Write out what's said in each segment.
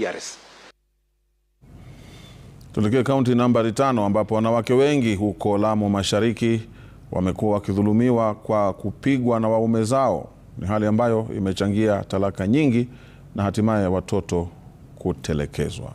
DRC. Tuelekee kaunti nambari tano ambapo wanawake wengi huko Lamu Mashariki wamekuwa wakidhulumiwa kwa kupigwa na waume zao. Ni hali ambayo imechangia talaka nyingi na hatimaye watoto kutelekezwa.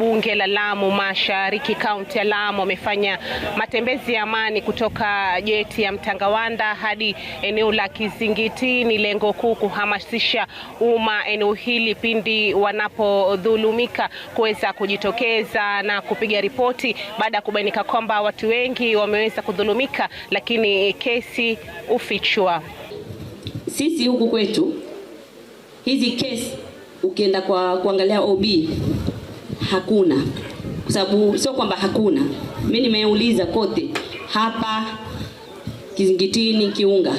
bunge la Lamu Mashariki kaunti ya Lamu wamefanya matembezi ya amani kutoka jeti ya Mtangawanda hadi eneo la Kizingitini, lengo kuu kuhamasisha umma eneo hili pindi wanapodhulumika kuweza kujitokeza na kupiga ripoti, baada ya kubainika kwamba watu wengi wameweza kudhulumika, lakini kesi ufichwa. Sisi huku kwetu hizi kesi ukienda kwa kuangalia OB hakuna, kwa sababu sio kwamba hakuna, mimi nimeuliza kote hapa Kizingitini, Kiunga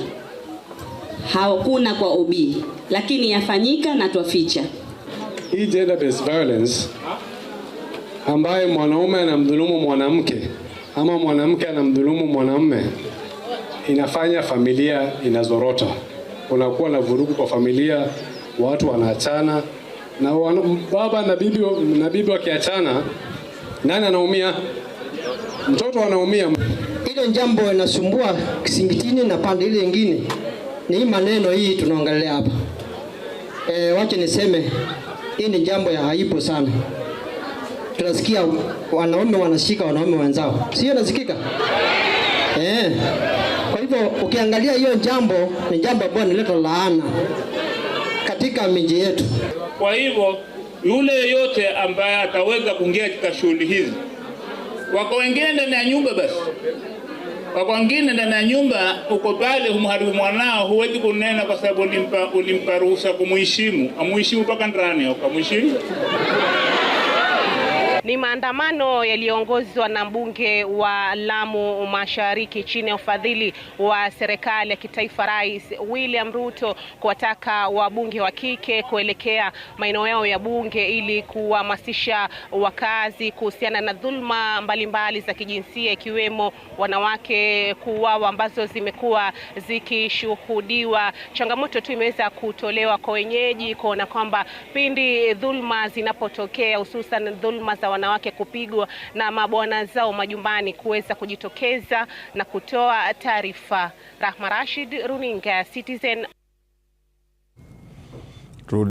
hakuna kwa OB, lakini yafanyika na twaficha hii gender based violence ambaye mwanaume anamdhulumu mwanamke ama mwanamke anamdhulumu mwanaume inafanya familia inazorota, unakuwa na vurugu kwa familia, watu wanaachana na wano, baba na bibi na bibi wakiachana, nani anaumia? Mtoto anaumia. Ile jambo inasumbua Kisingitini na pande ile nyingine ni hii maneno hii tunaongelea hapa. E, wacha niseme hii ni jambo ya haipo sana. Tunasikia wanaume wanashika wanaume wenzao, sio? Nasikika e. Eh. Kwa hivyo ukiangalia hiyo jambo ni jambo ambalo nileta laana katika miji yetu. Kwa hivyo yule yeyote ambaye ataweza kuingia katika shughuli hizi, wako wengine ndani ya nyumba, basi wako wengine ndani ya nyumba, uko pale, humharibu mwanao, huwezi kunena kwa sababu ulimpa, ruhusa kumuheshimu, amuheshimu mpaka ndani, ukamuheshimu ni maandamano yaliyoongozwa na mbunge wa Lamu Mashariki chini ya ufadhili wa serikali ya kitaifa, Rais William Ruto, kuwataka wabunge wa kike kuelekea maeneo yao ya bunge ili kuhamasisha wakazi kuhusiana na dhulma mbalimbali za kijinsia ikiwemo wanawake kuuawa ambazo zimekuwa zikishuhudiwa. Changamoto tu imeweza kutolewa kwa wenyeji kuona kwamba pindi dhulma zinapotokea hususan dhulma za wanawake kupigwa na mabwana zao majumbani kuweza kujitokeza na kutoa taarifa. Rahma Rashid, Runinga Citizen.